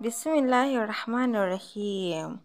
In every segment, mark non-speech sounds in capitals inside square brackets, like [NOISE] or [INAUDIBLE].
Bismillahir Rahmanir Rahim.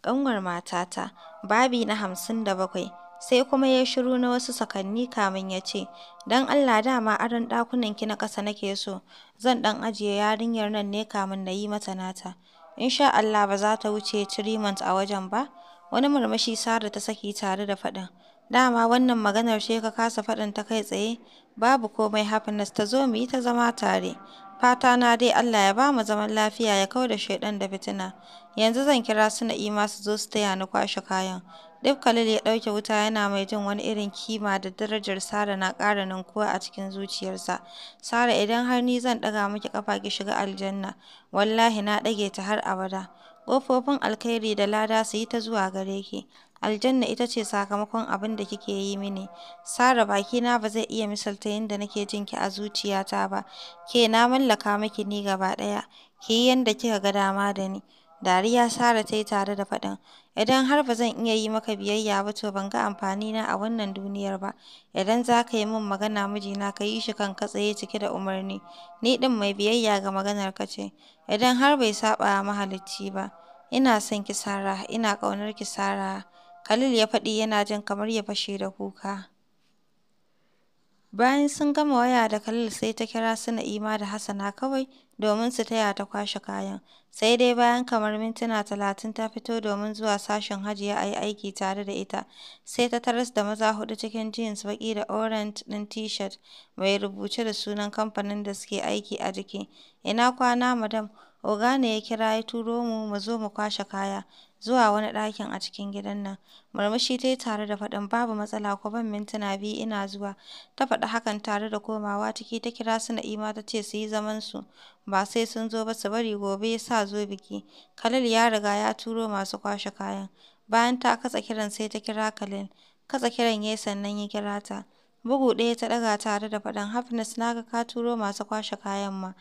Ƙanwar matata, babi na hamsin da bakwai. sai kuma ya shiru na wasu sakanni kamin ya ce, "Don Allah dama aron ki na ƙasa nake so, zan ɗan ajiye yarinyar nan ne kamin na yi mata nata. Insha Allah ba za ta wuce Tremont a wajen ba." Wani murmushi Sara ta saki tare da faɗin, "Dama wannan maganar ce ka kasa faɗin ta kai tsaye, babu komai happiness ta zo mu yi ta zama tare." Fata na dai Allah ya ba mu zaman lafiya ya kau da shaiɗan da fitina. Yanzu zan kira su Ima su zo su taya ni kwashe kayan. Duk kalil ya ɗauke wuta yana mai jin wani irin kima da darajar Sara na ƙara ninkuwa a cikin zuciyarsa. Sara idan har ni zan ɗaga miki ƙafa ki shiga aljanna, wallahi na ɗage ta har abada. Ƙofofin alkhairi da lada su yi ta zuwa gare ki. Aljanna ita ce sakamakon abin da kike yi mini. Sarah bakina ba zai iya misalta yadda nake jin ki a zuciyata ba. Ke na mallaka miki ni gaba ɗaya. Ki yi yadda kika ga dama da ni. Dariya Sara ta yi tare da faɗin, Idan har ba zan iya yi maka biyayya ba to ban ga amfani na a wannan duniyar ba. Idan za ka yi min magana mijina ka yi shi kan ka tsaye cike da umarni. Ni ɗin mai biyayya ga maganar ka ce. Idan har bai saɓa mahalicci ba. Ina son ki sara ina ƙaunar ki Sarah. Khalil ya faɗi yana jin kamar ya fashe da kuka. Bayan sun gama waya da Khalil sai ta kira su Na'ima da Hassana kawai domin su taya ta kwashe kayan. Sai dai bayan kamar mintuna talatin ta fito domin zuwa sashen Hajiya a yi aiki tare da ita, sai ta taras da maza hudu cikin jeans baki da orange ɗin T-shirt mai rubuce da sunan kamfanin da suke aiki a jiki. "Ina kwana madam, oga ne ya kira ya turo mu mu zo mu kwashe kaya. zuwa wani ɗakin a cikin gidan nan. Murmushi ta yi tare da faɗin, "Babu matsala ko ban mintuna biyu ina zuwa." Ta faɗi hakan tare da komawa ciki ta kira su Na'ima ta ce su yi zamansu, ba sai sun zo ba su bari gobe ya sa zo biki. Khalil ya riga ya turo masu kwashe kayan. Bayan ta katsa kiran sai ta kira Khalil. Katse kiran ya yi sannan ya kira ta. Bugu ɗaya ta ɗaga tare da faɗin, "Happiness na ga ka turo masu kwashe kayan ma."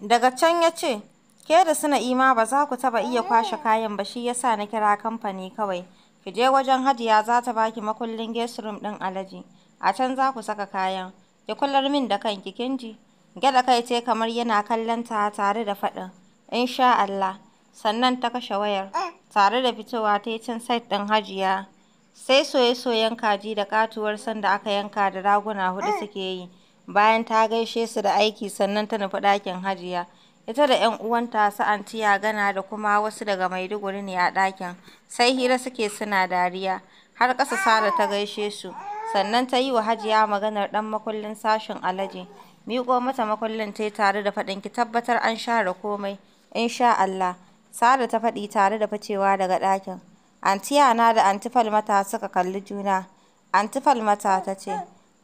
Daga can ya ce, Ke da suna ima ba za ku taɓa iya kwashe kayan ba shi ya na kira kamfani kawai. Ki je wajen hajiya za ta baki makullin guest room ɗin alaji A can za ku saka kayan. Ki kular min da kanki kinji ji. kai ce kamar yana kallon ta tare da faɗin. Insha Allah. Sannan ta kashe wayar. Tare da fitowa ta yi cin site ɗin Hajiya. Sai soye-soyen kaji da katuwar sanda aka yanka da raguna hudu suke yi. Bayan ta gaishe su da aiki sannan ta nufi ɗakin Hajiya. Ita da ‘yan uwanta su antiya gana da kuma wasu daga Maiduguri ne a ɗakin, sai hira suke suna dariya, har ƙasa Sara ta gaishe su, sannan ta yi wa Hajiya maganar ɗan makullin sashen Alhaji, miko mata makullin yi tare da faɗin ki tabbatar an share komai, insha Allah. Sara ta faɗi tare da ficewa daga ɗakin. antiya na da antifal mata suka kalli juna. antifal mata ta ce,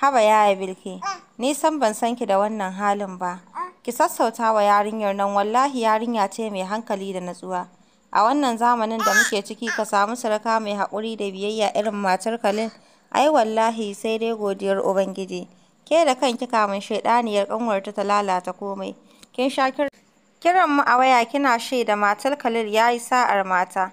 Haba yaya Bilki, nisan ban san ki da wannan halin ba. Ki sassauta wa yarinyar nan wallahi yarinya ce mai hankali da natsuwa. A wannan zamanin da muke ciki ka samu saraka mai haƙuri da biyayya irin matar kalin? ai wallahi sai dai godiyar Ubangiji. Ke da kanki kamun shaiɗaniyar ƙanwarta ta lalata komai. Kin sha kiran mu a waya kina shaida matar kalil ya yi sa'ar mata.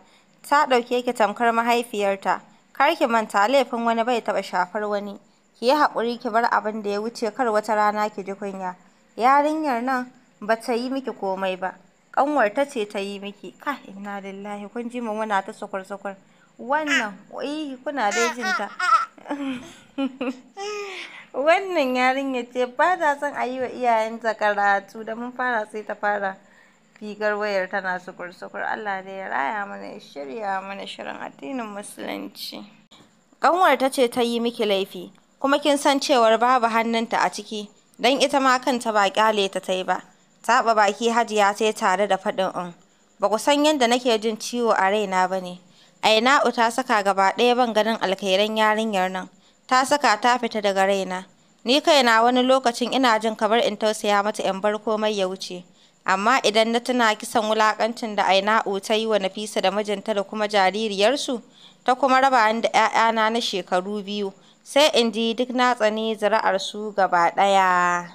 Ta ɗauke ki tamkar mahaifiyarta. Kar ki manta laifin wani bai taba shafar wani. Ki yi haƙuri ki bar abin da ya wuce kar wata rana ki ji kunya. yarinyar nan ba ta yi miki komai ba ƙanwarta ce ta yi miki kai inna lillahi kun ji muna ta sakwar-sakwar wannan kuna dai jin ta [LAUGHS] wannan yarinya ce ba ta son a yi wa iyayenta karatu da mun fara sai ta fara rigar wayar tana sukur-sukur Allah da ya raya mana ya shirya mana shirin addinin musulunci ƙanwar ta ce ta yi miki laifi kuma kin san cewar babu hannunta a ciki don ita ma kanta ba kyale ta ta yi ba taɓa baki hajiya sai tare da faɗin in um, ba ku san yadda nake jin ciwo a raina ba ne aina'u ta saka gaba ɗaya ban ganin alkhairan yarinyar nan ta saka ta fita daga raina ni kaina wani lokacin ina jin kamar in tausaya mata yan bar komai ya wuce amma idan na tuna kisan wulakancin da aina'u ta yi wa nafisa da mijinta da kuma jaririyarsu ta kuma raba ni da 'ya'yana na shekaru biyu sai in ji duk na tsani zuri'arsu gaba ɗaya.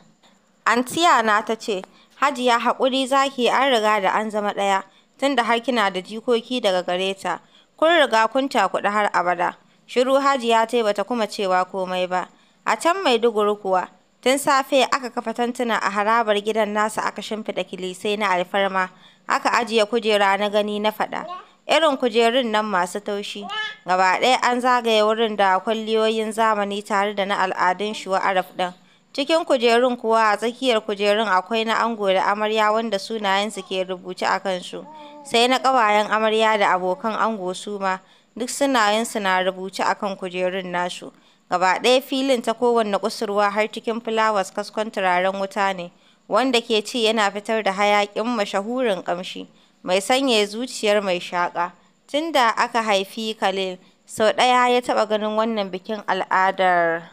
Antiyana ta ce, Hajiya haƙuri zaki an riga da an zama ɗaya, tunda har kina da jikoki daga gare ta. Kun riga kun cakuɗu har abada. Shiru Hajiya ta yi bata kuma cewa komai ba. A can mai Maiduguri kuwa, tun safe aka kafa tantuna a harabar gidan nasa aka shimfiɗa kilisai na alfarma, aka ajiye kujera na gani na faɗa. Irin kujerun nan masu taushi. Gaba ɗaya an zagaye wurin da kwalliyoyin zamani tare da na al'adun shuwa Arab ɗin. Cikin kujerun kuwa a tsakiyar kujerun akwai na ango da amarya wanda sunayensu ke rubuce a kansu, sai na ƙawayen amarya da abokan ango su ma, duk sunayensu na rubuce a kan kujerun nasu. Gaba ɗaya filin ta kowanne kusurwa har cikin fulawas kaskon turaren wuta ne, wanda ke ci yana fitar da hayaƙin mashahurin ƙamshi, mai sanyaya zuciyar mai shaƙa. Tun da aka haifi Khalil, sau ɗaya ya taɓa ganin wannan bikin al'adar.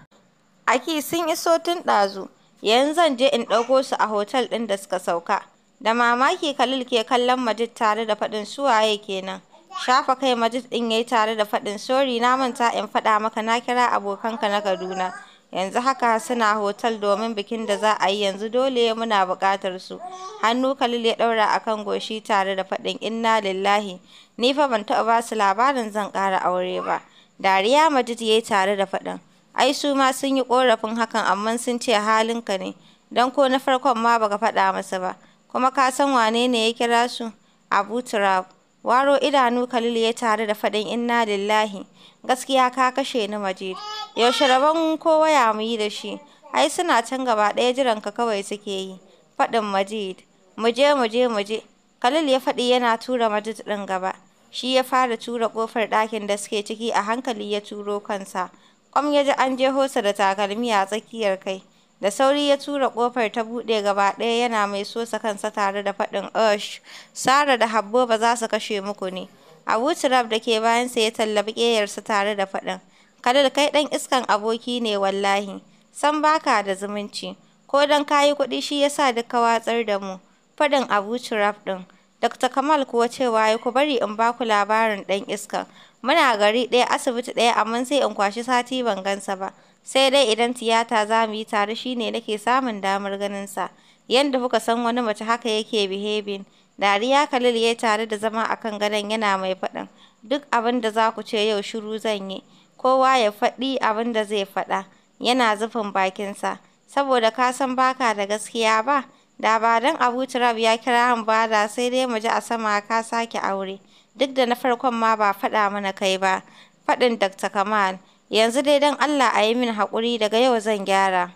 Aki sun iso tun ɗazu, yanzu zan je in ɗauko su a hotel ɗin da suka sauka. Da mamaki Khalil ke kallon Majid tare da faɗin suwaye kenan. Shafa kai Majid ɗin yayi tare da faɗin sori na manta in faɗa maka na kira abokanka na Kaduna. yanzu haka suna hotel domin bikin da za a yi yanzu dole muna buƙatar su hannu Khalil ya ɗaura akan goshi tare da faɗin inna lillahi Ni fa ban taɓa basu labarin zan ƙara aure ba. Dariya Majid ya yi tare da faɗin. Ai su ma sun yi ƙorafin hakan amma sun ce halinka ne. Don ko na farkon ma baka faɗa masa ba. Kuma ka san wane ne ya kira su? Abu Turab. Waro idanu Khalil ya tare da faɗin inna lillahi. Gaskiya ka kashe ni Majid. Yaushe rabon ko waya mu yi da shi? ai suna can gaba ɗaya ka kawai suke yi faɗin majid muje muje muje khalil ya faɗi yana tura majid ɗin gaba Shi ya fara tura ƙofar ɗakin da suke ciki a hankali ya turo kansa. Ƙwam ya ji an je sa da takalmi a tsakiyar kai. Da sauri ya tura ƙofar ta buɗe gaba ɗaya yana mai sosa kansa tare da faɗin Ush, Sara da Habbo ba za su kashe muku ne. Abu Turab da ke bayan sa ya tallabi ƙeyarsa tare da faɗin. Khalil kai ɗan iskan aboki ne wallahi. San baka da zumunci. Ko don kayi kuɗi shi yasa duka watsar da mu. Faɗin Abu Turab ɗin. Dr. Kamal kuwa cewa ya ku bari in baku labarin ɗan iskan. Muna gari ɗaya asibiti ɗaya amma sai in kwashi sati ban gansa ba. Sai dai idan tiyata za mu yi tare shi ne nake samun damar ganin sa. Yanda kuka san wani mace haka yake behaving. Dariya Khalil ya tare da zama akan kan gadon yana mai faɗin. Duk abin da za ku ce yau shiru zan yi. Kowa ya faɗi abin da zai faɗa. Yana zufin bakinsa. Saboda ka san baka da gaskiya ba. Da ba Abu Turab ya kira mu ba sai dai mu ji a sama ka sake aure. Duk da na farkon ma ba faɗa mana kai ba. Faɗin Dr. Kamal, yanzu dai don Allah a yi min haƙuri daga yau zan gyara.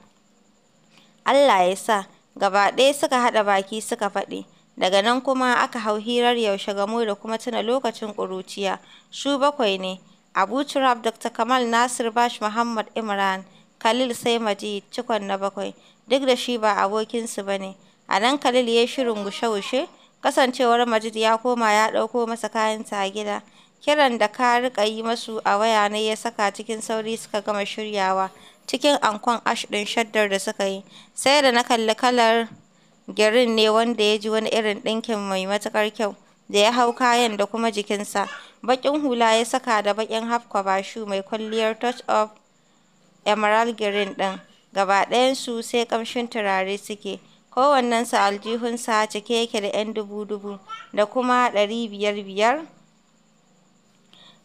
Allah ya sa, gaba ɗaya suka haɗa baki suka faɗi. Daga nan kuma aka hau hirar yaushe gamo da kuma tuna lokacin ƙuruciya. Shu bakwai ne. Abu Turab, Dr. Kamal Nasir Bash Muhammad Imran, Khalil sai Majid, cikon na bakwai. Duk da shi ba abokinsu ba ne. A nan Khalil ya shirin gushe-gushe, kasancewar Majid ya koma ya ɗauko masa kayansa a gida. Kiran da ka rika yi masu a waya ne ya saka cikin sauri suka gama shiryawa cikin ankon ash din shaddar da suka yi. Sai da na kalli kalar girin ne wanda ya ji wani irin ɗinkin mai matuƙar kyau da ya hau kayan da kuma jikinsa. bakin hula ya saka da baƙin half shu mai kwalliyar touch of emerald green ɗin. Gaba su sai kamshin turare suke. Kowannensu sa cike yake da 'yan dubu-dubu da kuma ɗari biyar-biyar.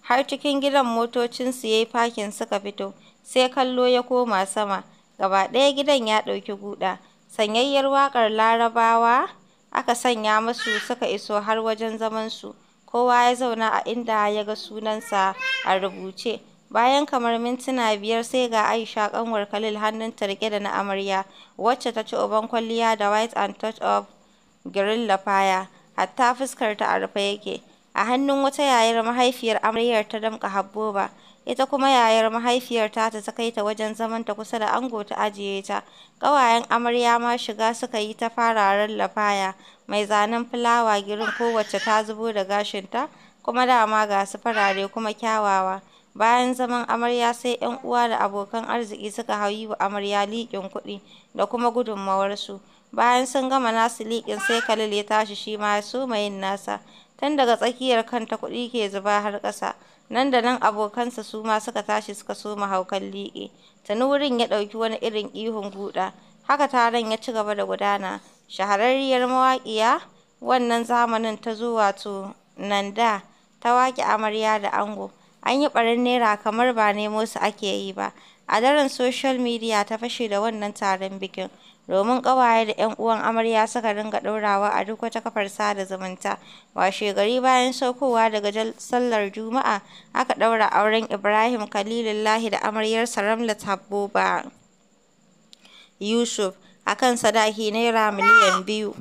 Har cikin gidan motocinsu ya yi fakin suka fito, sai kallo ya koma sama, gaba ɗaya gidan ya ɗauki guɗa. Sanyayyar waƙar Larabawa aka sanya musu suka iso har wajen zamansu, kowa ya zauna a inda ya ga sunansa a rubuce. Bayan kamar mintuna biyar sai ga Aisha ƙanwar Khalil ta riƙe da na amarya, wacce ta ci uban kwalliya da white and touch of green lafaya hatta fuskarta a rufe yake. A hannun wata yayar mahaifiyar amaryar ta damƙa habboba, ita kuma yayar mahaifiyar ta ta kai ta wajen zaman ta kusa da ango ta ajiye ta. Ƙawayen amarya ma shiga suka yi ta fararen lafaya, mai zanen fulawa girin kowacce ta zubo da gashinta, kuma dama ga su farare kuma kyawawa. Bayan zaman amarya sai 'yan uwa da abokan arziki suka hau yi wa amarya liƙin kuɗi da kuma gudunmawarsu. Bayan sun gama nasu liƙin sai Khalil ya tashi shi ma ya soma yin nasa. Tun daga tsakiyar kanta kuɗi ke zuba har ƙasa. Nan da nan abokansa su ma suka tashi suka soma haukan liƙi. Tuni wurin ya ɗauki wani irin ihun guda. Haka taron ya ci gaba da gudana. Shahararriyar mawaƙiya wannan zamanin ta zo wato da ta waƙe amarya da ango. an yi ɓarin Naira kamar ba nemo su ake yi ba. A daren social midiya ta fashe da wannan taron bikin, domin ƙawaye da 'yan uwan amarya suka ringa ɗorawa a duk wata kafar sada zumunta. shegari bayan saukowa daga sallar Juma'a, aka ɗaura auren Ibrahim Khalilullahi da amaryarsa Ramlat ba Yusuf a kan sadaki Naira miliyan biyu.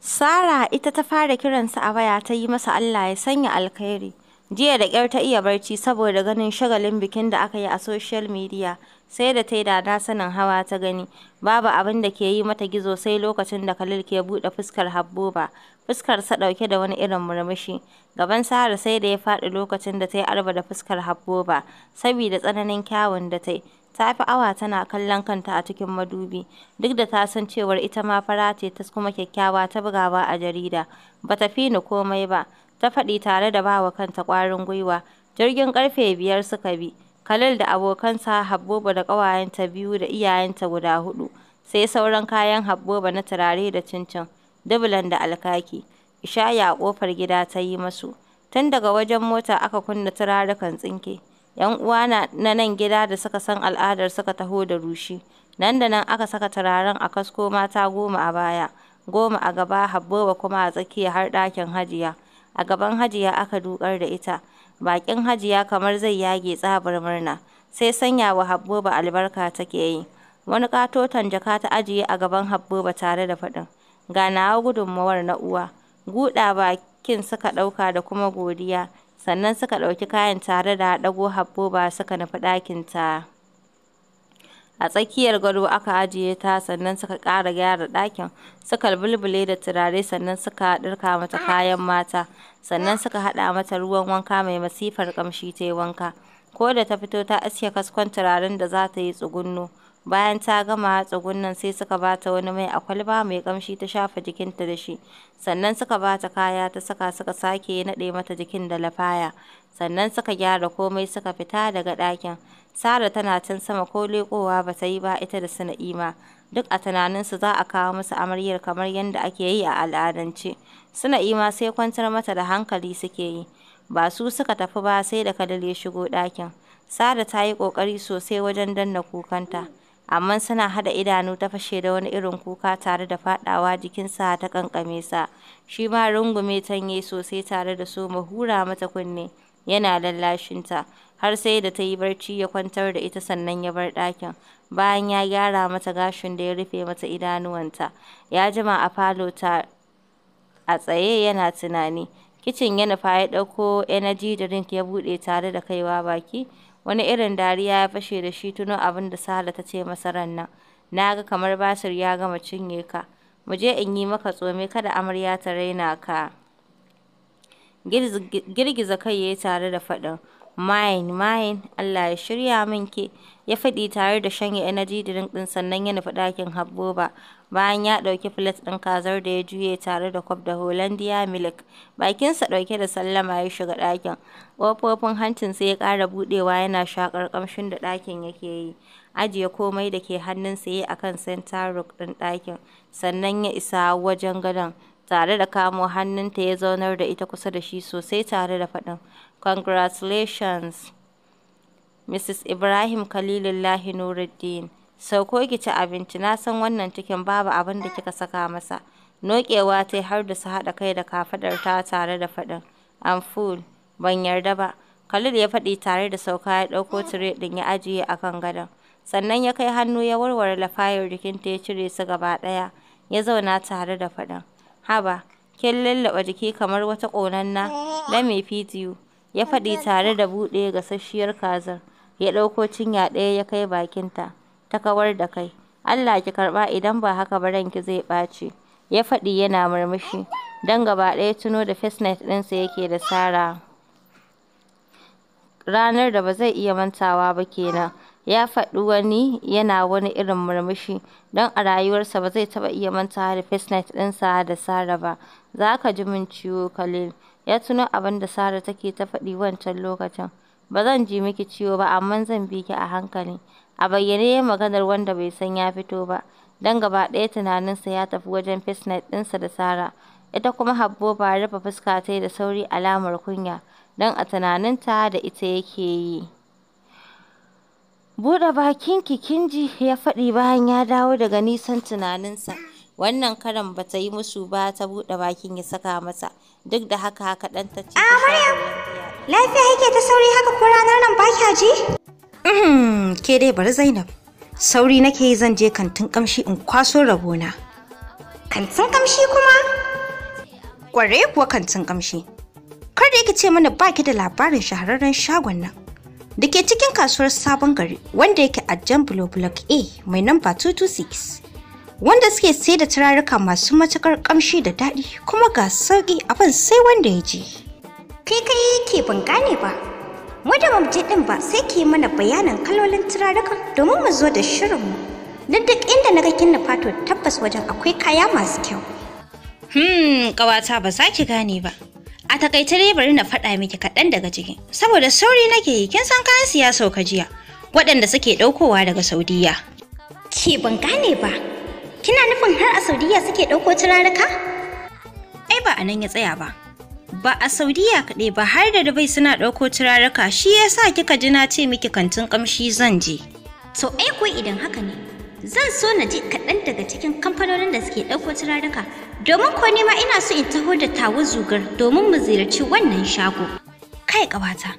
Sara ita ta fara kiransa a waya ta yi masa Allah ya sanya alkhairi. Jiya da ƙyar ta iya barci saboda ganin shagalin bikin da aka yi a soshiyal midiya, sai da ta yi dada sanin hawa ta gani, babu abin da ke yi mata gizo sai lokacin da Khalil ke buɗe fuskar habboba fuskar sa ɗauke da wani irin murmushi. Gaban Sahara sai da ya faɗi lokacin da ta yi arba da fuskar habboba saboda tsananin kyawun da ta yi. ta fi awa tana kallon kanta a cikin madubi duk da ta san cewar ita ma fara ce ta kuma kyakkyawa ta bugawa a jarida ba ta fi ni komai ba ta faɗi tare da bawa kanta ƙwarin gwiwa. Jirgin ƙarfe biyar suka bi. Khalil da abokansa Habboba da ƙawayenta biyu da iyayenta guda hudu sai sauran kayan Habboba na turare da cincin, dubulan da alkaki. Ishaya a ƙofar gida ta yi masu. Tun daga wajen mota aka kunna turarukan tsinke. ‘Yan uwa na nan gida da suka san al'adar suka taho da rushi. Nan da nan aka saka turaren a kasko mata goma a baya, goma a gaba, Habboba kuma a tsakiya har ɗakin Hajiya. a gaban Hajiya aka dukar da ita, bakin Hajiya kamar zai yage tsabar murna, sai sanya wa Habboba albarka take yi. Wani katoton jaka ta ajiye a gaban Habboba tare da faɗin, ga nawa gudunmawar na uwa, guda bakin suka ɗauka da kuma godiya, sannan suka ɗauki kayan tare da ɗago Habboba suka nufi ɗakinta. A tsakiyar gado aka ajiye ta sannan suka ƙara gyara ɗakin, suka bulbule da turare sannan suka ɗirka mata kayan mata, sannan suka haɗa mata ruwan wanka mai masifar kamshi ta yi wanka. Ko da ta fito ta aske kaskon turaren da za ta yi tsugunno. Bayan ta gama tsugunnan sai suka ba ta wani mai a kwalba mai ƙamshi ta shafa jikinta da shi, sannan suka ba ta kaya ta saka suka sake naɗe mata jikin da lafaya, sannan suka gyara komai suka fita daga ɗakin. Sara tana can sama ko leƙowa ba ta yi ba ita da su Na'ima. Duk a tunaninsu za a kawo musu amaryar kamar yadda ake yi a al'adance. Sana'ima sai kwantar mata da hankali suke yi. Ba su suka tafi ba sai da kadale shigo ɗakin. Sara ta yi ƙoƙari sosai wajen danna kukanta. Amma suna haɗa idanu ta fashe da wani irin kuka tare da faɗawa sa ta ƙanƙame sa. Shi ma rungume tanye sosai tare da so mahura mata kunne. Yana lallashinta. har sai da ta yi barci ya kwantar da ita sannan ya bar ɗakin. Bayan ya gyara mata gashin da ya rufe mata idanuwanta, ya jima a falo ta a tsaye yana tunani. Kicin ya nufa ya ɗauko energy drink ya buɗe tare da kaiwa baki. Wani irin dariya ya fashe da shi tuno abin da sala ta ce masa ran nan. Na ga kamar Basir ya gama cinye ka. Mu je in yi maka tsome kada amarya ta raina ka. Girgiza kai ya tare da faɗin. Mayin, mayin, Allah ya shirya min ke,” ya faɗi tare da shanye energy drink ɗin sannan ya nufi ɗakin Habboba, bayan ya ɗauki plate ɗin kazar da ya juye tare da kwaf da Hollandia milk, bakinsa ɗauke da sallama ya shiga ɗakin. Ƙofofin hancin sai ya ƙara buɗewa yana shakar kamshin da ɗakin yake yi. Ajiye komai da ke sa ya akan a center rock ɗin ɗakin, sannan ya isa wajen gadon, tare da kamo hannunta ya zaunar da ita kusa da shi sosai tare da faɗin Congratulations! Mrs. Ibrahim khalilullahi Nuruddin, sauko ki ci abinci, na san wannan cikin babu abin da kika saka masa. Noƙewa ta har da su haɗa kai da ta tare da faɗin, I'm fool ban yarda ba. Khalil ya faɗi tare da sauka ya ɗauko tire ɗin ya ajiye a kan gadon. Sannan ya kai hannu ya warware lafayar jikinta ya cire su gaba ɗaya, ya zauna tare da faɗin. Haba, kin lallaɓa jiki kamar wata ƙonanna, na mai feed ya faɗi tare da buɗe gasasshiyar kazar. Ya ɗauko cinya ɗaya ya kai bakinta, ta kawar da kai. Allah ki karɓa idan ba haka ba ranki zai ɓaci. Ya faɗi yana murmushi, don gaba ɗaya tuno da fesnet ɗinsa yake da Sara. Ranar da ba zai iya mantawa ba kenan. ya faɗi wani yana wani irin murmushi don a rayuwarsa ba zai taɓa iya mantawa da face night ɗinsa da Sara ba. Za ka ji min ciwo Khalil, Ya tuno abin da Sara take ta faɗi wancan lokacin. Ba zan ji miki ciwo ba amma zan bi ki a hankali. A bayyane ya maganar wanda bai san ya fito ba. Dan gaba ɗaya tunaninsa ya tafi wajen fesnet ɗinsa da Sara Ita kuma Habbo ba rufe fuska ta da sauri alamar kunya. Dan a tunaninta da ita yake yi. Buɗe bakin ki ji ya faɗi bayan ya dawo daga nisan tunaninsa. Wannan karan ba ta yi musu ba ta buɗe bakin ya saka mata. Duk da haka haka ɗan ta ce. Ah Maryam, lafiya yake ta sauri haka ko ranar nan ba kya ji? Mm-hmm, ke dai bari Zainab. Sauri nake yi zan je kantin kamshi in kwaso rabona. Kantin kamshi kuma? Kware kuwa kantin kamshi. Kar da yake ce mana baki da labarin shahararren shagon nan. da ke cikin kasuwar sabon gari wanda yake a jan block a mai namba 226 wanda suke sai da turaruka masu matukar kamshi da daɗi kuma ga sauƙi abin sai wanda ya je. Kai kai ke ban gane ba, wadda mamje ɗin ba sai ke mana bayanan kalolin turarukan domin mu zo da shirinmu. Don duk inda na ga kin fato tabbas wajen akwai kaya masu kyau. Hmm, ƙawata ba za ki gane ba. A takaice dai bari na faɗa miki kaɗan daga cikin, saboda sauri nake yi kin san kayan siyasa jiya, waɗanda suke ɗaukowa daga Saudiya. Ke ban gane ba, Kina nufin har a Saudiya suke ɗauko turaruka? Ai ba a nan ya tsaya ba. Ba a Saudiya kaɗai ba har da Dubai suna ɗauko turaruka shi ya sa kika ji na ce miki kantin ƙamshi zan je. To ai ko idan haka ne, zan so na ji kaɗan daga cikin kamfanonin da suke ɗauko turaruka domin ko nima ina so in taho da tawo zugar domin mu ziyarci wannan shago. Kai ƙabata.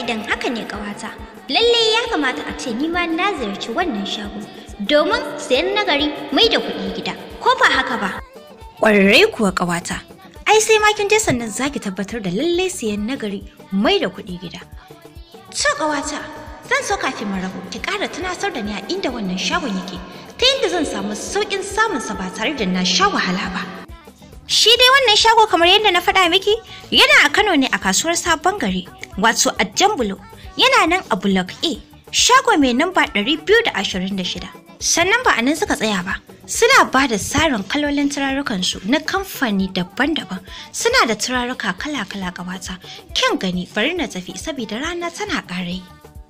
idan haka ne kawata lalle ya kamata a ce ni ma na ziyarci wannan shago domin sayan nagari mai da kuɗi gida ko ba haka ba ƙwararre kuwa ƙawata ai sai ma kin je sannan zaki tabbatar da lalle sayan nagari mai da kuɗi gida to ƙawata zan so kafin mu rabu ki ƙara tunasar da ni a inda wannan shagon yake ta yadda zan samu sauƙin samunsa ba tare da na sha wahala ba Shi dai wannan shago kamar yadda na faɗa miki yana a Kano ne a kasuwar sabon gari wato a Jambulo yana nan a Block A shago mai namba 226. Sannan ba a nan suka tsaya ba, suna ba da tsarin kalolin turarukansu na kamfani daban-daban suna da turaruka kala-kala gabata kyan gani bari na tafi saboda rana tana ƙarai.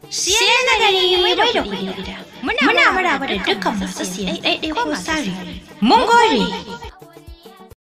Siyan na gani yi da kuɗi gida, muna ba da dukkan masu siyan ɗaiɗai ko tsari. Mun gore!